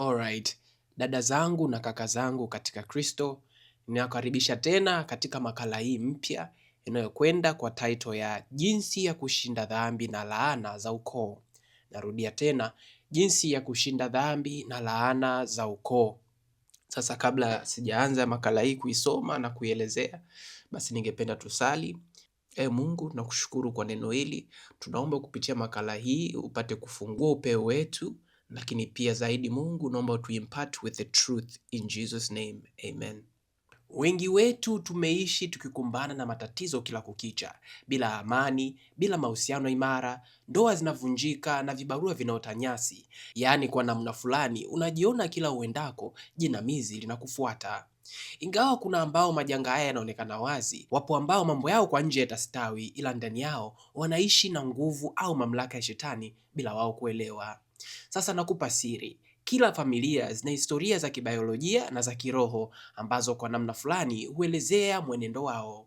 Alright. Dada zangu na kaka zangu katika Kristo, ninawakaribisha tena katika makala hii mpya inayokwenda kwa title ya jinsi ya kushinda dhambi na laana za ukoo. Narudia tena, jinsi ya kushinda dhambi na laana za ukoo. Sasa, kabla sijaanza makala hii kuisoma na kuielezea, basi ningependa tusali. E Mungu, nakushukuru kwa neno hili. Tunaomba kupitia makala hii upate kufungua upeo wetu lakini pia zaidi, Mungu naomba utuimpart with the truth in Jesus name amen. Wengi wetu tumeishi tukikumbana na matatizo kila kukicha, bila amani, bila mahusiano imara, ndoa zinavunjika na vibarua vinaotanyasi. Yaani, kwa namna fulani unajiona kila uendako jinamizi linakufuata. Ingawa kuna ambao majanga haya yanaonekana wazi, wapo ambao mambo yao kwa nje yatastawi, ila ndani yao wanaishi na nguvu au mamlaka ya Shetani bila wao kuelewa. Sasa nakupa siri, kila familia zina historia za kibiolojia na za kiroho ambazo kwa namna fulani huelezea mwenendo wao.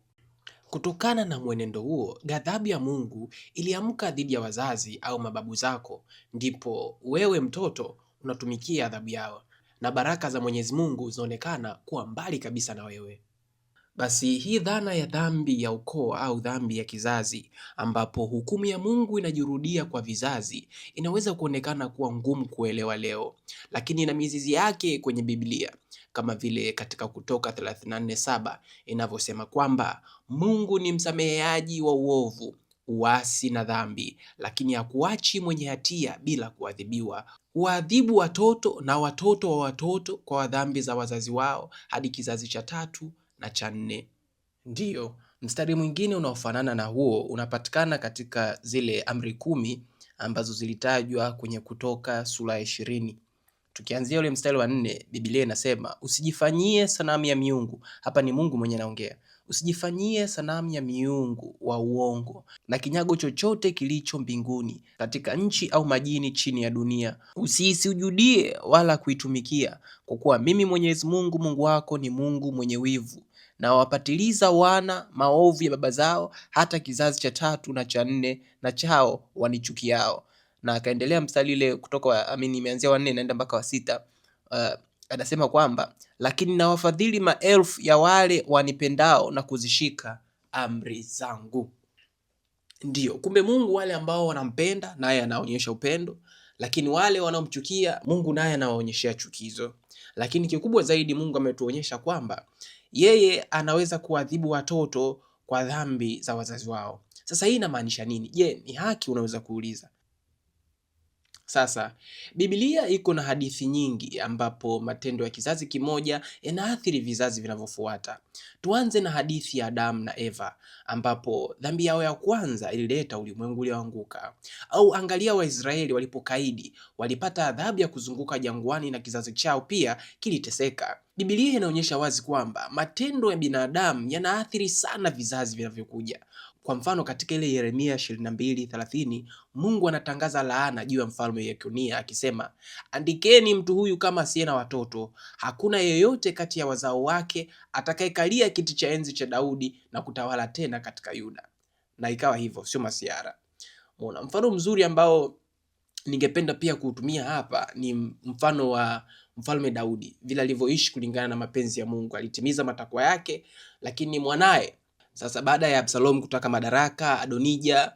Kutokana na mwenendo huo, ghadhabu ya Mungu iliamka dhidi ya wazazi au mababu zako, ndipo wewe mtoto unatumikia adhabu yao na baraka za Mwenyezi Mungu zinaonekana kuwa mbali kabisa na wewe. Basi hii dhana ya dhambi ya ukoo au dhambi ya kizazi, ambapo hukumu ya Mungu inajirudia kwa vizazi, inaweza kuonekana kuwa ngumu kuelewa leo, lakini ina mizizi yake kwenye Biblia, kama vile katika Kutoka 34:7 inavyosema kwamba Mungu ni msameheaji wa uovu uasi na dhambi, lakini hakuachi mwenye hatia bila kuadhibiwa. Huwaadhibu watoto na watoto wa watoto kwa dhambi za wazazi wao hadi kizazi cha tatu na cha nne. Ndiyo, mstari mwingine unaofanana na huo unapatikana katika zile amri kumi ambazo zilitajwa kwenye Kutoka sura ya ishirini. Tukianzia ule mstari wa nne, Biblia inasema usijifanyie sanamu ya miungu. Hapa ni Mungu mwenye anaongea, usijifanyie sanamu ya miungu wa uongo na kinyago chochote kilicho mbinguni, katika nchi au majini chini ya dunia, usiisujudie wala kuitumikia, kwa kuwa mimi Mwenyezi Mungu Mungu wako ni Mungu mwenye wivu, na wapatiliza wana maovu ya baba zao, hata kizazi cha tatu na cha nne na chao wanichukiao. Na akaendelea mstari ile kutoka amini, imeanzia wanne naenda mpaka wa sita. Uh, anasema kwamba lakini nawafadhili maelfu ya wale wanipendao na kuzishika amri zangu. Ndiyo, kumbe Mungu wale ambao wanampenda naye anaonyesha upendo, lakini wale wanaomchukia Mungu naye anawaonyeshea chukizo. Lakini kikubwa zaidi, Mungu ametuonyesha kwamba yeye anaweza kuadhibu watoto kwa dhambi za wazazi wao. Sasa hii inamaanisha nini? Je, ni haki? Unaweza kuuliza. Sasa Biblia iko na hadithi nyingi ambapo matendo ya kizazi kimoja yanaathiri vizazi vinavyofuata. Tuanze na hadithi ya Adamu na Eva ambapo dhambi yao ya kwanza ilileta ulimwengu ulioanguka. Au angalia Waisraeli walipokaidi, walipata adhabu ya kuzunguka jangwani na kizazi chao pia kiliteseka. Biblia inaonyesha wazi kwamba matendo ya binadamu yanaathiri sana vizazi vinavyokuja. Kwa mfano katika ile Yeremia 22:30 Mungu anatangaza laana juu ya mfalme Yekonia akisema, andikeni mtu huyu kama asiye na watoto, hakuna yeyote kati ya wazao wake atakayekalia kiti cha enzi cha Daudi na kutawala tena katika Yuda. Na ikawa hivyo, sio masiara. Mona, mfano mzuri ambao ningependa pia kuutumia hapa ni mfano wa mfalme Daudi, vile alivyoishi kulingana na mapenzi ya Mungu. Alitimiza matakwa yake, lakini mwanaye sasa baada ya Absalom kutaka madaraka, Adonija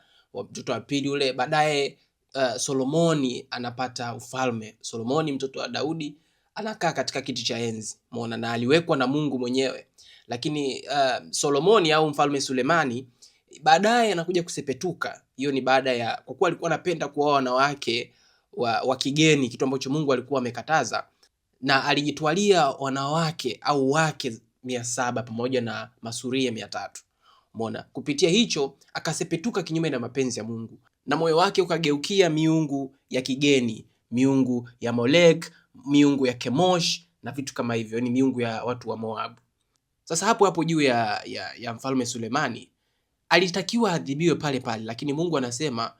mtoto wa pili ule, baadaye uh, Solomoni anapata ufalme. Solomoni mtoto wa Daudi anakaa katika kiti cha enzi muona, na aliwekwa na Mungu mwenyewe. Lakini uh, Solomoni au mfalme Sulemani baadaye anakuja kusepetuka. Hiyo ni baada ya, kwa kuwa alikuwa anapenda kuoa wanawake wa, wa kigeni, kitu ambacho Mungu alikuwa amekataza, na alijitwalia wanawake au wake mia saba pamoja na masuria mia tatu. Mona, kupitia hicho akasepetuka kinyume na mapenzi ya Mungu na moyo wake ukageukia miungu ya kigeni, miungu ya Molek, miungu ya Kemosh na vitu kama hivyo, ni yaani miungu ya watu wa Moabu. Sasa hapo hapo juu ya, ya, ya mfalme Sulemani alitakiwa adhibiwe pale pale, lakini Mungu anasema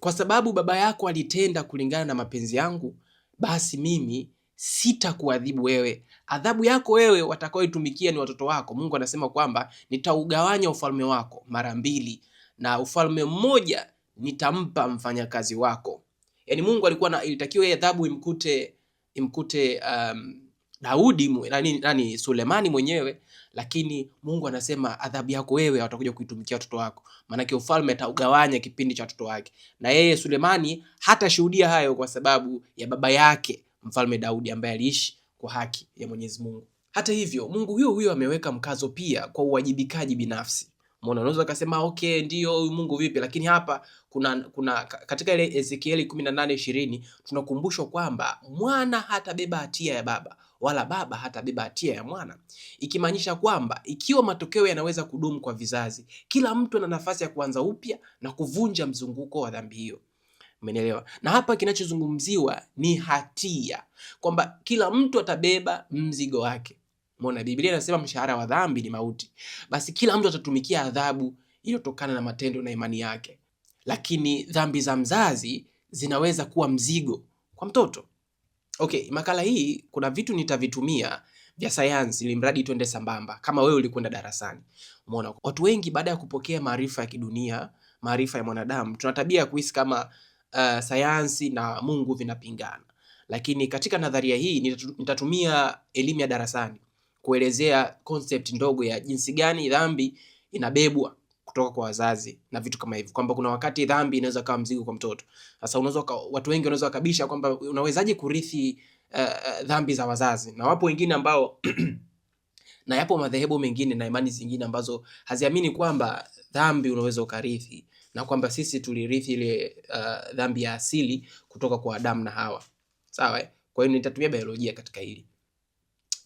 kwa sababu baba yako alitenda kulingana na mapenzi yangu, basi mimi sitakuadhibu wewe, adhabu yako wewe watakaoitumikia ni watoto wako. Mungu anasema kwamba nitaugawanya ufalme wako mara mbili, na ufalme mmoja nitampa mfanyakazi wako. Yaani Mungu alikuwa na ilitakiwa yeye adhabu imkute imkute um, Daudi nani, nani Sulemani mwenyewe, lakini Mungu anasema adhabu yako wewe watakuja kuitumikia watoto wako, maanake ufalme ataugawanya kipindi cha watoto wake. Na yeye Sulemani hatashuhudia hayo kwa sababu ya baba yake Mfalme Daudi ambaye aliishi kwa haki ya Mwenyezi Mungu. Hata hivyo, Mungu huyo huyo ameweka mkazo pia kwa uwajibikaji binafsi. Mbona unaweza ukasema okay, ndio huyu Mungu vipi, lakini hapa kuna, kuna katika ile Ezekieli 18:20 tunakumbushwa kwamba mwana hatabeba hatia ya baba wala baba hatabeba hatia ya mwana, ikimaanisha kwamba ikiwa matokeo yanaweza kudumu kwa vizazi, kila mtu ana nafasi ya kuanza upya na kuvunja mzunguko wa dhambi hiyo. Umenielewa? Na hapa kinachozungumziwa ni hatia, kwamba kila mtu atabeba mzigo wake. Umeona, Biblia inasema mshahara wa dhambi ni mauti, basi kila mtu atatumikia adhabu iliyotokana na matendo na imani yake. Lakini dhambi za mzazi zinaweza kuwa mzigo kwa mtoto. Okay, makala hii kuna vitu nitavitumia vya sayansi ili mradi tuende sambamba, kama wewe ulikwenda darasani. Umeona, watu wengi baada ya kupokea maarifa ya kidunia, maarifa ya mwanadamu, tuna tabia ya kuhisi kama uh, sayansi na Mungu vinapingana, lakini katika nadharia hii nitatumia elimu ya darasani kuelezea concept ndogo ya jinsi gani dhambi inabebwa kutoka kwa wazazi na vitu kama hivyo, kwamba kuna wakati dhambi inaweza kawa mzigo kwa mtoto. Sasa unaweza watu wengi wanaweza kabisha kwamba unawezaje kurithi uh, dhambi za wazazi, na wapo wengine ambao na yapo madhehebu mengine na imani zingine ambazo haziamini kwamba dhambi unaweza ukarithi na kwamba sisi tulirithi ile uh, dhambi ya asili kutoka kwa Adamu na Hawa. Sawa? Eh? Kwa hiyo nitatumia biolojia katika hili.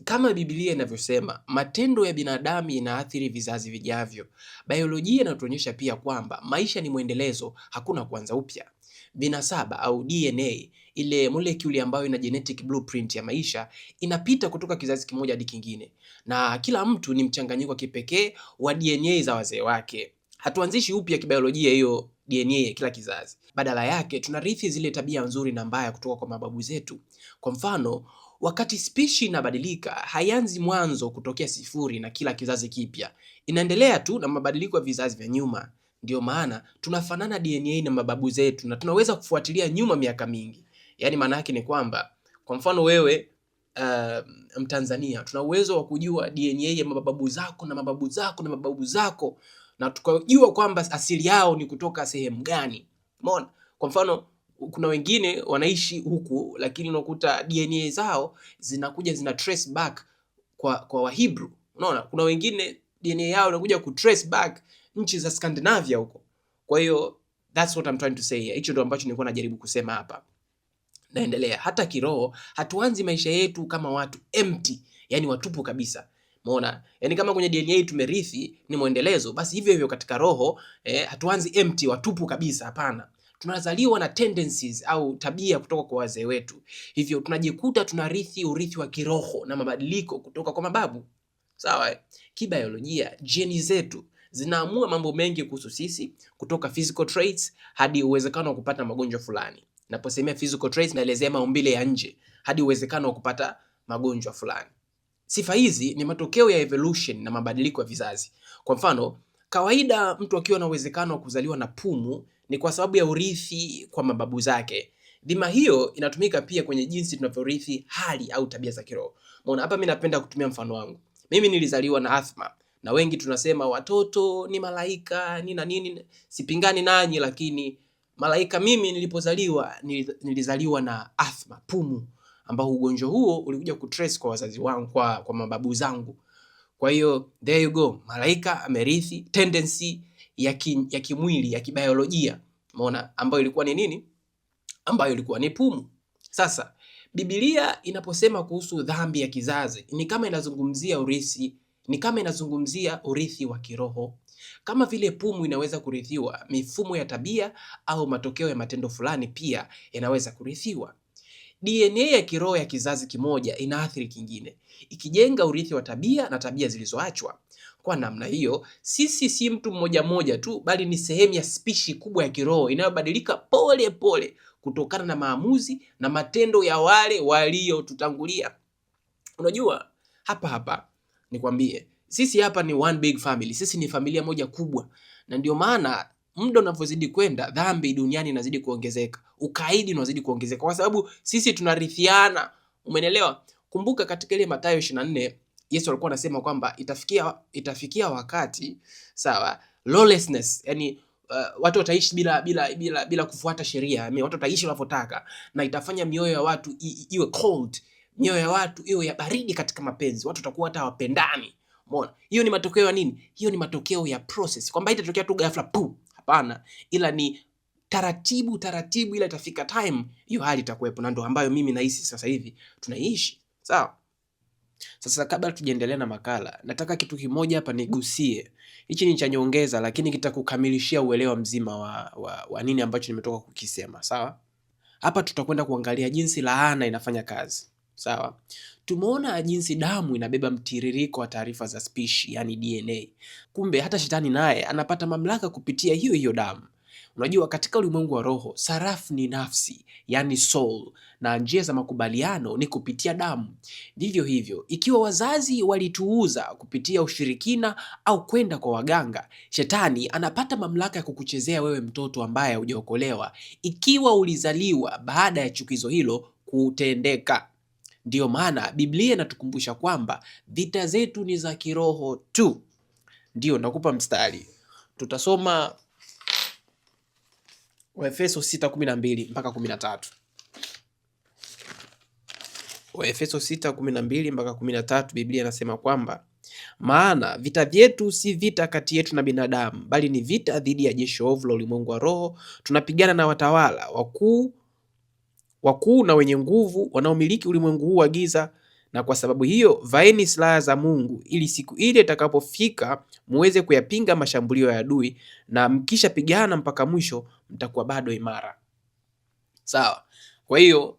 Kama Biblia inavyosema, matendo ya binadamu inaathiri vizazi vijavyo. Biolojia inatuonyesha pia kwamba maisha ni mwendelezo, hakuna kuanza upya. Vinasaba au DNA, ile molekuli ambayo ina genetic blueprint ya maisha, inapita kutoka kizazi kimoja hadi kingine, na kila mtu ni mchanganyiko wa kipekee wa DNA za wazee wake. Hatuanzishi upya kibiolojia hiyo DNA ya kila kizazi, badala yake tunarithi zile tabia nzuri na mbaya kutoka kwa mababu zetu. Kwa mfano, wakati spishi inabadilika, haianzi mwanzo kutokea sifuri na kila kizazi kipya, inaendelea tu na mabadiliko ya vizazi vya nyuma. Ndiyo maana tunafanana DNA na mababu zetu na tunaweza kufuatilia nyuma miaka mingi. Yaani maana yake ni kwamba kwa mfano wewe uh, Mtanzania, tuna uwezo wa kujua DNA ya mababu zako na mababu zako na mababu zako na tukajua kwamba asili yao ni kutoka sehemu gani. Umeona? Kwa mfano kuna wengine wanaishi huku lakini unakuta DNA zao zinakuja zina trace back kwa kwa Wahibru. Unaona? Kuna wengine DNA yao inakuja ku trace back nchi za Scandinavia huko. Kwa hiyo that's what I'm trying to say. Hicho ndio ambacho nilikuwa najaribu kusema hapa. Naendelea. Hata kiroho hatuanzi maisha yetu kama watu empty, yani watupu kabisa. Umeona? Yaani kama kwenye DNA tumerithi ni mwendelezo, basi hivyo hivyo katika roho eh, hatuanzi empty watupu kabisa, hapana. Tunazaliwa na tendencies au tabia kutoka kwa wazee wetu, hivyo tunajikuta tunarithi urithi wa kiroho na mabadiliko kutoka kwa mababu. Sawa? Eh? Kibiolojia, jeni zetu zinaamua mambo mengi kuhusu sisi, kutoka physical traits hadi uwezekano wa kupata magonjwa fulani. Naposemea physical traits, naelezea maumbile ya nje hadi uwezekano wa kupata magonjwa fulani. Sifa hizi ni matokeo ya evolution na mabadiliko ya vizazi. Kwa mfano, kawaida mtu akiwa na uwezekano wa kuzaliwa na pumu ni kwa sababu ya urithi kwa mababu zake. Dhima hiyo inatumika pia kwenye jinsi tunavyorithi hali au tabia za kiroho. Maona hapa, mimi napenda kutumia mfano wangu. Mimi nilizaliwa na asthma na wengi tunasema watoto ni malaika ni na nini. Sipingani nanyi, lakini malaika mimi nilipozaliwa nilizaliwa na asthma, pumu ambao ugonjwa huo ulikuja kutrace kwa wazazi wangu, kwa, kwa mababu zangu. Kwa hiyo there you go, malaika amerithi tendency ya ki, ya kimwili ya kibiolojia, umeona, ambayo ilikuwa ni nini? Ambayo ilikuwa ni pumu. Sasa Biblia inaposema kuhusu dhambi ya kizazi ni kama inazungumzia urithi, ni kama inazungumzia urithi wa kiroho. Kama vile pumu inaweza kurithiwa, mifumo ya tabia au matokeo ya matendo fulani pia yanaweza kurithiwa. DNA ya kiroho ya kizazi kimoja inaathiri kingine, ikijenga urithi wa tabia na tabia zilizoachwa. Kwa namna hiyo, sisi si mtu mmoja mmoja tu, bali ni sehemu ya spishi kubwa ya kiroho inayobadilika pole pole kutokana na maamuzi na matendo ya wale waliotutangulia. Unajua, hapa hapa nikwambie, sisi hapa ni one big family, sisi ni familia moja kubwa, na ndio maana muda unavyozidi kwenda, dhambi duniani inazidi kuongezeka, ukaidi unazidi kuongezeka, kwa sababu sisi tunarithiana. Umenelewa? Kumbuka katika ile Mathayo 24 Yesu alikuwa anasema kwamba itafikia, itafikia wakati sawa, lawlessness yani Uh, watu wataishi bila bila bila bila kufuata sheria. Watu wataishi wanavyotaka na itafanya mioyo ya watu iwe cold, mioyo ya watu iwe ya baridi katika mapenzi. Watu watakuwa hata wapendani. Umeona? Hiyo ni matokeo ya nini? Hiyo ni matokeo ya process, kwamba itatokea tu ghafla pu, Hapana, ila ni taratibu taratibu, ila itafika time hiyo hali itakuwepo, na ndo ambayo mimi nahisi sasa hivi tunaiishi. Sawa. Sasa kabla tujaendelea na makala, nataka kitu kimoja hapa nigusie. Hichi ni cha nyongeza, lakini kitakukamilishia uelewa mzima wa, wa, wa nini ambacho nimetoka kukisema. Sawa. Hapa tutakwenda kuangalia jinsi laana inafanya kazi. Sawa, tumeona jinsi damu inabeba mtiririko wa taarifa za spishi, yani DNA. Kumbe hata shetani naye anapata mamlaka kupitia hiyo hiyo damu. Unajua, katika ulimwengu wa roho sarafu ni nafsi, yani soul, na njia za makubaliano ni kupitia damu. Vivyo hivyo, ikiwa wazazi walituuza kupitia ushirikina au kwenda kwa waganga, shetani anapata mamlaka ya kukuchezea wewe mtoto ambaye hujaokolewa, ikiwa ulizaliwa baada ya chukizo hilo kutendeka. Ndiyo maana Biblia inatukumbusha kwamba vita zetu ni za kiroho tu. Ndiyo, nakupa mstari, tutasoma Waefeso 6:12 mpaka 13. Waefeso 6:12 mpaka 13, Biblia inasema kwamba maana vita vyetu si vita kati yetu na binadamu, bali ni vita dhidi ya jeshi ovu la ulimwengu wa roho, tunapigana na watawala wakuu wakuu na wenye nguvu wanaomiliki ulimwengu huu wa giza, na kwa sababu hiyo vaeni silaha za Mungu ili siku ile itakapofika muweze kuyapinga mashambulio ya adui, na mkishapigana mpaka mwisho mtakuwa bado imara. Sawa. Kwa hiyo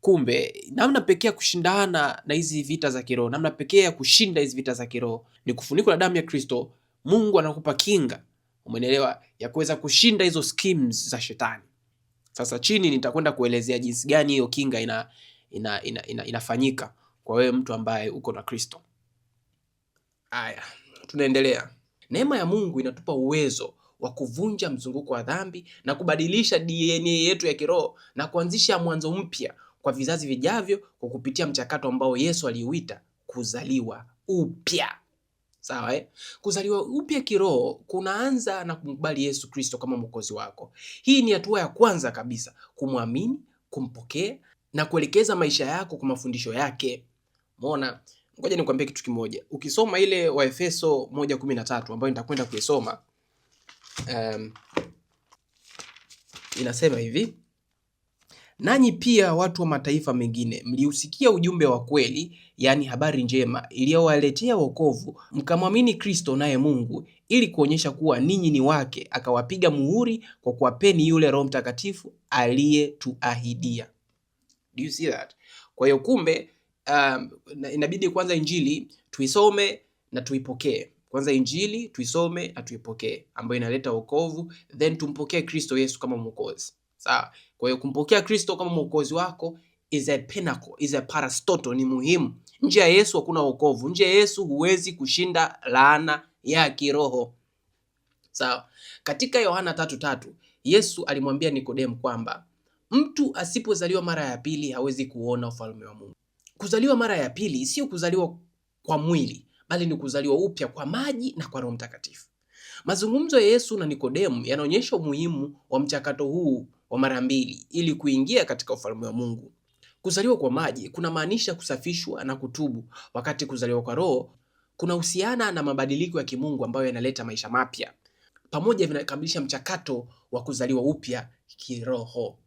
kumbe, namna pekee ya kushindana na hizi vita za kiroho, namna pekee ya kushinda hizi vita za kiroho ni kufunikwa na damu ya Kristo. Mungu anakupa kinga, umenielewa, ya kuweza kushinda hizo schemes za shetani. Sasa chini nitakwenda kuelezea jinsi gani hiyo kinga ina, ina, ina, ina, inafanyika kwa wewe mtu ambaye uko na Kristo. Haya, tunaendelea. Neema ya Mungu inatupa uwezo wa kuvunja mzunguko wa dhambi na kubadilisha DNA yetu ya kiroho na kuanzisha mwanzo mpya kwa vizazi vijavyo kwa kupitia mchakato ambao Yesu aliuita kuzaliwa upya. Sawa eh? Kuzaliwa upya kiroho kunaanza na kumkubali Yesu Kristo kama mwokozi wako. Hii ni hatua ya kwanza kabisa, kumwamini, kumpokea na kuelekeza maisha yako kwa mafundisho yake. Umeona? Ngoja nikwambie kitu kimoja. Ukisoma ile Waefeso 1:13 ambayo nitakwenda kuisoma, um, inasema hivi Nanyi pia watu wa mataifa mengine mliusikia ujumbe wa kweli, yaani habari njema iliyowaletea wokovu, mkamwamini Kristo naye Mungu, ili kuonyesha kuwa ninyi ni wake, akawapiga muhuri kwa kuwapeni yule Roho Mtakatifu aliyetuahidia. Do you see that? Kwa hiyo kumbe, um, inabidi kwanza injili tuisome na tuipokee kwanza injili tuisome na tuipokee, ambayo inaleta wokovu, then tumpokee Kristo Yesu kama Mwokozi. Sawa? Kwa hiyo kumpokea Kristo kama mwokozi wako is a pinnacle, is a parastoto, ni muhimu. Nje ya Yesu hakuna wokovu. Nje ya Yesu huwezi kushinda laana ya kiroho. Sawa? Katika Yohana tatu tatu Yesu alimwambia Nikodemu kwamba mtu asipozaliwa mara ya pili hawezi kuona ufalme wa Mungu. Kuzaliwa mara ya pili sio kuzaliwa kwa mwili, bali ni kuzaliwa upya kwa maji na kwa Roho Mtakatifu. Mazungumzo ya Yesu na Nikodemu yanaonyesha umuhimu wa mchakato huu wa mara mbili ili kuingia katika ufalme wa Mungu. Kuzaliwa kwa maji kuna maanisha kusafishwa na kutubu, wakati kuzaliwa kwa Roho kunahusiana na mabadiliko ya kimungu ambayo yanaleta maisha mapya. Pamoja vinakamilisha mchakato wa kuzaliwa upya kiroho.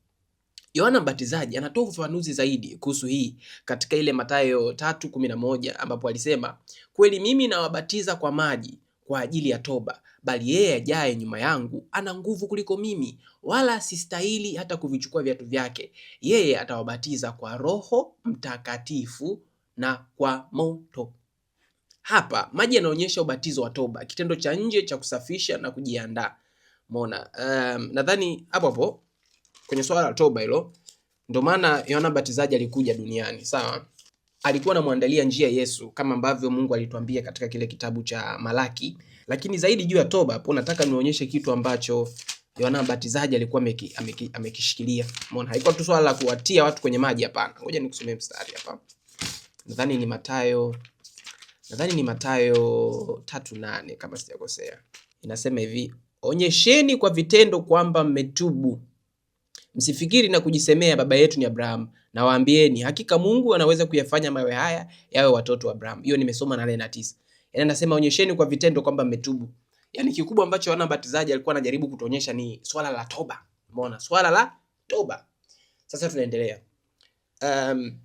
Yohana Mbatizaji anatoa ufafanuzi zaidi kuhusu hii katika ile Mathayo 3:11 ambapo alisema, kweli mimi nawabatiza kwa maji, kwa ajili ya toba, bali yeye ajaye nyuma yangu ana nguvu kuliko mimi, wala sistahili hata kuvichukua viatu vyake. Yeye atawabatiza kwa Roho Mtakatifu na kwa moto. Hapa maji yanaonyesha ubatizo wa toba, kitendo cha nje cha kusafisha na kujiandaa. Mona, um, ehm, nadhani hapo hapo kwenye swala la toba hilo, ndio maana Yohana Mbatizaji alikuja duniani, sawa? alikuwa anamwandalia njia Yesu kama ambavyo Mungu alituambia katika kile kitabu cha Malaki. Lakini zaidi juu ya toba hapo, nataka nionyeshe kitu ambacho Yohana Mbatizaji alikuwa amekishikilia. Umeona, haikuwa tu swala la kuwatia watu kwenye maji, hapana. Ngoja nikusomee mstari hapa, nadhani ni Mathayo, nadhani ni Mathayo tatu nane kama sijakosea. Inasema hivi, onyesheni kwa vitendo kwamba mmetubu, msifikiri na kujisemea baba yetu ni Abrahamu na waambieni hakika Mungu anaweza kuyafanya mawe haya yawe watoto wa Abraham. Hiyo nimesoma na Lena 9. Yaani anasema onyesheni kwa vitendo kwamba mmetubu. Yaani kikubwa ambacho Yohana Mbatizaji alikuwa anajaribu kutuonyesha ni swala la toba. Umeona? Swala la toba. Sasa tunaendelea. Um,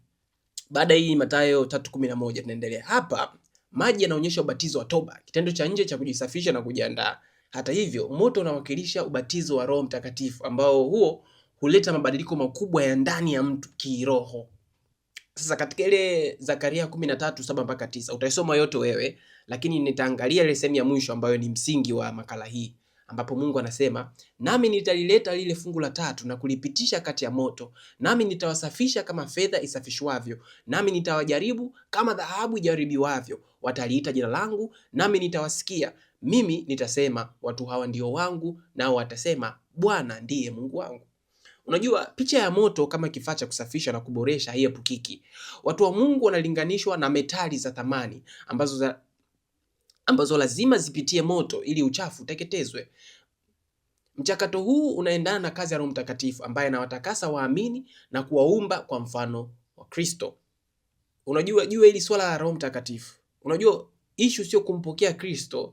baada hii Mathayo 3:11 tunaendelea. Hapa maji yanaonyesha ubatizo wa toba, kitendo cha nje cha kujisafisha na kujiandaa. Hata hivyo, moto unawakilisha ubatizo wa Roho Mtakatifu ambao huo huleta mabadiliko makubwa ya ndani ya mtu kiroho. Sasa katika ile Zakaria kumi na tatu saba mpaka tisa utaisoma yote wewe, lakini nitaangalia ile sehemu ya mwisho ambayo ni msingi wa makala hii, ambapo Mungu anasema nami nitalileta lile fungu la tatu na kulipitisha kati ya moto, nami nitawasafisha kama fedha isafishwavyo, nami nitawajaribu kama dhahabu ijaribiwavyo. Wataliita jina langu, nami nitawasikia. Mimi nitasema watu hawa ndio wangu, nao watasema Bwana ndiye Mungu wangu. Unajua, picha ya moto kama kifaa cha kusafisha na kuboresha haiepukiki. Watu wa Mungu wanalinganishwa na metali za thamani ambazo, za, ambazo lazima zipitie moto ili uchafu uteketezwe. Mchakato huu unaendana na kazi ya Roho Mtakatifu ambaye anawatakasa waamini na kuwaumba kwa mfano wa Kristo. Unajua, jua hili swala la Roho Mtakatifu, unajua ishu sio kumpokea Kristo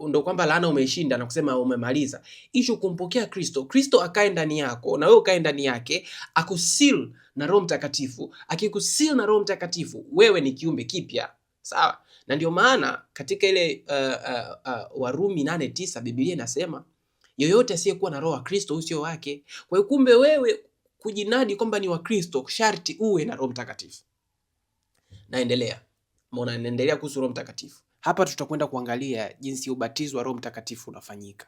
ndo kwamba laana umeshinda na kusema umemaliza. Ishu kumpokea Kristo, Kristo akae ndani yako na wewe ukae ndani yake, akusil na Roho Mtakatifu. Akikusil na Roho Mtakatifu, wewe ni kiumbe kipya, sawa? Na ndio maana katika ile uh, uh, uh, Warumi nane tisa Biblia inasema yoyote asiyekuwa na roho wa Kristo usio wake. Kwa hiyo kumbe wewe kujinadi kwamba ni wa Kristo, sharti uwe na Roho Mtakatifu. Naendelea, mbona naendelea kuhusu Roho Mtakatifu hapa tutakwenda kuangalia jinsi ubatizo wa Roho Mtakatifu unafanyika.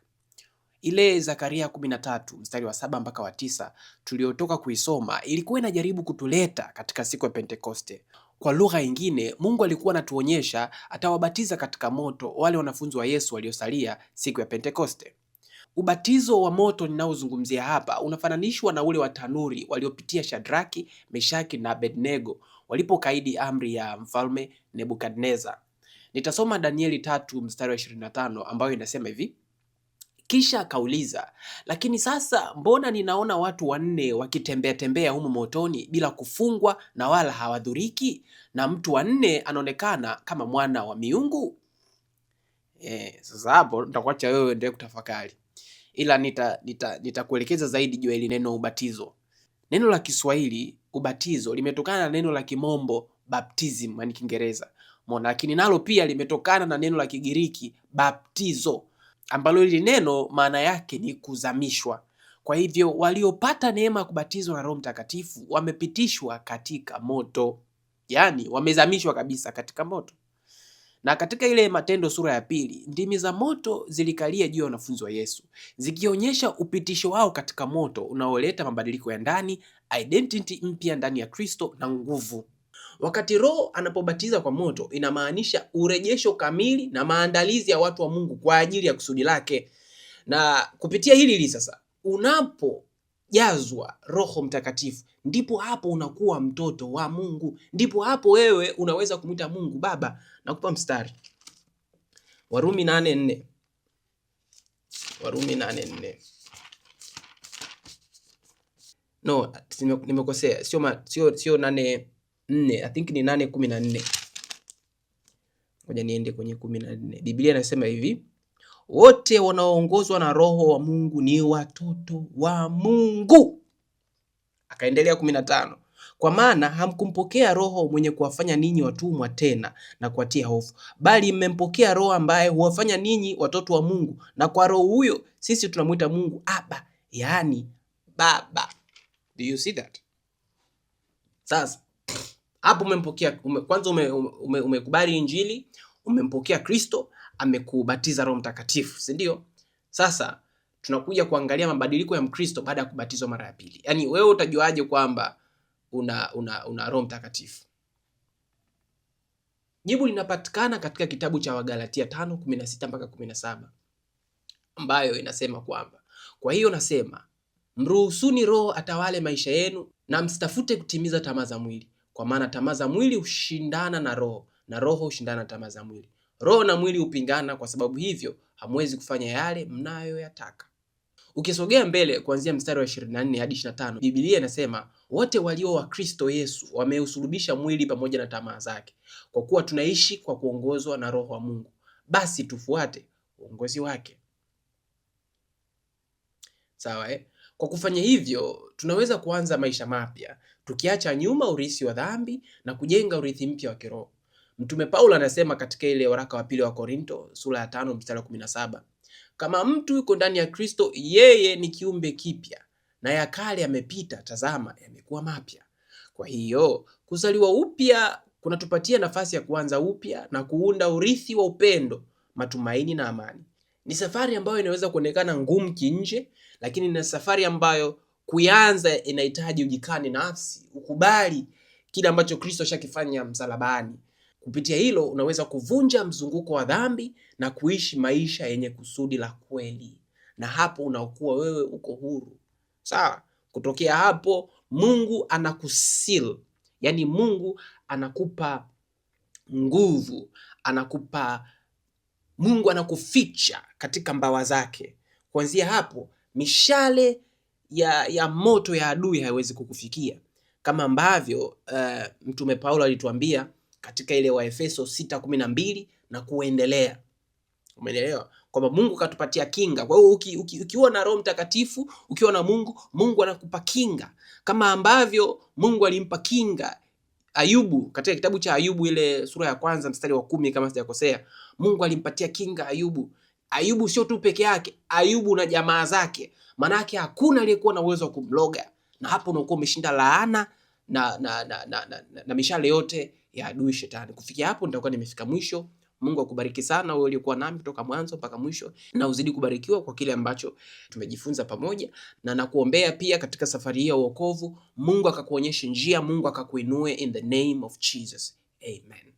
Ile Zakaria 13 mstari wa saba mpaka wa tisa tuliotoka kuisoma ilikuwa inajaribu kutuleta katika siku ya Pentekoste. Kwa lugha ingine, Mungu alikuwa anatuonyesha atawabatiza katika moto wale wanafunzi wa Yesu waliosalia siku ya Pentekoste. Ubatizo wa moto ninaozungumzia hapa unafananishwa na ule wa tanuri waliopitia Shadraki, Meshaki na Abednego walipokaidi amri ya mfalme Nebukadnezar. Nitasoma Danieli tatu mstari wa 25 ambayo inasema hivi: kisha akauliza, lakini sasa mbona ninaona watu wanne wakitembea tembea humo motoni bila kufungwa na wala hawadhuriki, na mtu wanne anaonekana kama mwana wa miungu? E, sasa hapo nitakuacha wewe endelee kutafakari, ila nitakuelekeza nita, nita zaidi juu ya hili neno ubatizo. Neno la Kiswahili ubatizo limetokana na neno la Kimombo baptism, yani Kiingereza Mona, lakini nalo pia limetokana na neno la Kigiriki baptizo ambalo hili neno maana yake ni kuzamishwa. Kwa hivyo waliopata neema ya kubatizwa na Roho Mtakatifu wamepitishwa katika moto, yaani wamezamishwa kabisa katika moto. Na katika ile Matendo sura ya pili, ndimi za moto zilikalia juu ya wanafunzi wa Yesu zikionyesha upitisho wao katika moto unaoleta mabadiliko ya ndani, identity mpya ndani ya Kristo na nguvu Wakati Roho anapobatiza kwa moto, inamaanisha urejesho kamili na maandalizi ya watu wa Mungu kwa ajili ya kusudi lake. Na kupitia hili hili sasa, unapojazwa Roho Mtakatifu, ndipo hapo unakuwa mtoto wa Mungu, ndipo hapo wewe unaweza kumwita Mungu Baba. Nakupa mstari Warumi 8:4. Warumi 8:4. No, nimekosea, sio sio nane nne, I think ni nane kumi na nne. Ngoja niende kwenye kumi na nne. Biblia inasema hivi, wote wanaoongozwa na Roho wa Mungu ni watoto wa Mungu. Akaendelea kumi na tano, kwa maana hamkumpokea roho mwenye kuwafanya ninyi watumwa tena na kuwatia hofu, bali mmempokea Roho ambaye huwafanya ninyi watoto wa Mungu, na kwa Roho huyo sisi tunamwita Mungu Aba, yaani Baba. Do you see that? Sasa hapo umempokea ume, kwanza umekubali ume, ume Injili, umempokea Kristo, amekubatiza Roho Mtakatifu, si ndio? Sasa tunakuja kuangalia mabadiliko ya Mkristo baada ya kubatizwa mara ya pili. Yaani wewe utajuaje kwamba una, una, una Roho Mtakatifu? Jibu linapatikana katika kitabu cha Wagalatia 5:16 mpaka 17 ambayo inasema kwamba kwa hiyo nasema mruhusuni Roho atawale maisha yenu na msitafute kutimiza tamaa za mwili, kwa maana tamaa za mwili hushindana na roho na roho hushindana na tamaa za mwili. Roho na mwili hupingana, kwa sababu hivyo hamwezi kufanya yale mnayoyataka. Ukisogea mbele kuanzia mstari wa 24 hadi 25, Biblia inasema wote walio wa Kristo Yesu wameusulubisha mwili pamoja na tamaa zake. Kwa kuwa tunaishi kwa kuongozwa na Roho wa Mungu, basi tufuate uongozi wake. Sawa eh? Kwa kufanya hivyo tunaweza kuanza maisha mapya tukiacha nyuma urithi wa dhambi na kujenga urithi mpya wa kiroho. Mtume Paulo anasema katika ile waraka wa pili wa Korinto sura ya tano mstari wa 17, kama mtu yuko ndani ya Kristo, yeye ni kiumbe kipya, na ya kale yamepita, tazama yamekuwa mapya. Kwa hiyo kuzaliwa upya kunatupatia nafasi ya kuanza upya na kuunda urithi wa upendo, matumaini na amani. Ni safari ambayo inaweza kuonekana ngumu kinje, lakini ni safari ambayo kuianza inahitaji ujikane nafsi, ukubali kile ambacho Kristo ashakifanya msalabani. Kupitia hilo unaweza kuvunja mzunguko wa dhambi na kuishi maisha yenye kusudi la kweli, na hapo unakuwa wewe uko huru. Sawa, kutokea hapo Mungu anakusil, yaani Mungu anakupa nguvu, anakupa Mungu anakuficha katika mbawa zake. Kuanzia hapo mishale ya, ya moto ya adui haiwezi kukufikia kama ambavyo uh, Mtume Paulo alituambia katika ile Waefeso 6:12 na kuendelea. Umeelewa kwamba Mungu katupatia kinga. Kwa hiyo uki, uki, ukiwa na Roho Mtakatifu, ukiwa na Mungu, Mungu anakupa kinga kama ambavyo Mungu alimpa kinga Ayubu katika kitabu cha Ayubu ile sura ya kwanza mstari wa kumi kama sijakosea, Mungu alimpatia kinga Ayubu Ayubu sio tu peke yake, Ayubu na jamaa zake, manake hakuna aliyekuwa na uwezo wa kumloga, na hapo unakuwa umeshinda laana na, na, na, na, na, na, na mishale yote ya adui shetani. Kufikia hapo nitakuwa nimefika mwisho. Mungu akubariki sana wewe uliokuwa nami kutoka mwanzo mpaka mwisho, na uzidi kubarikiwa kwa kile ambacho tumejifunza pamoja, na nakuombea pia katika safari hii ya uokovu, Mungu akakuonyeshe njia, Mungu akakuinue in the name of Jesus. Amen.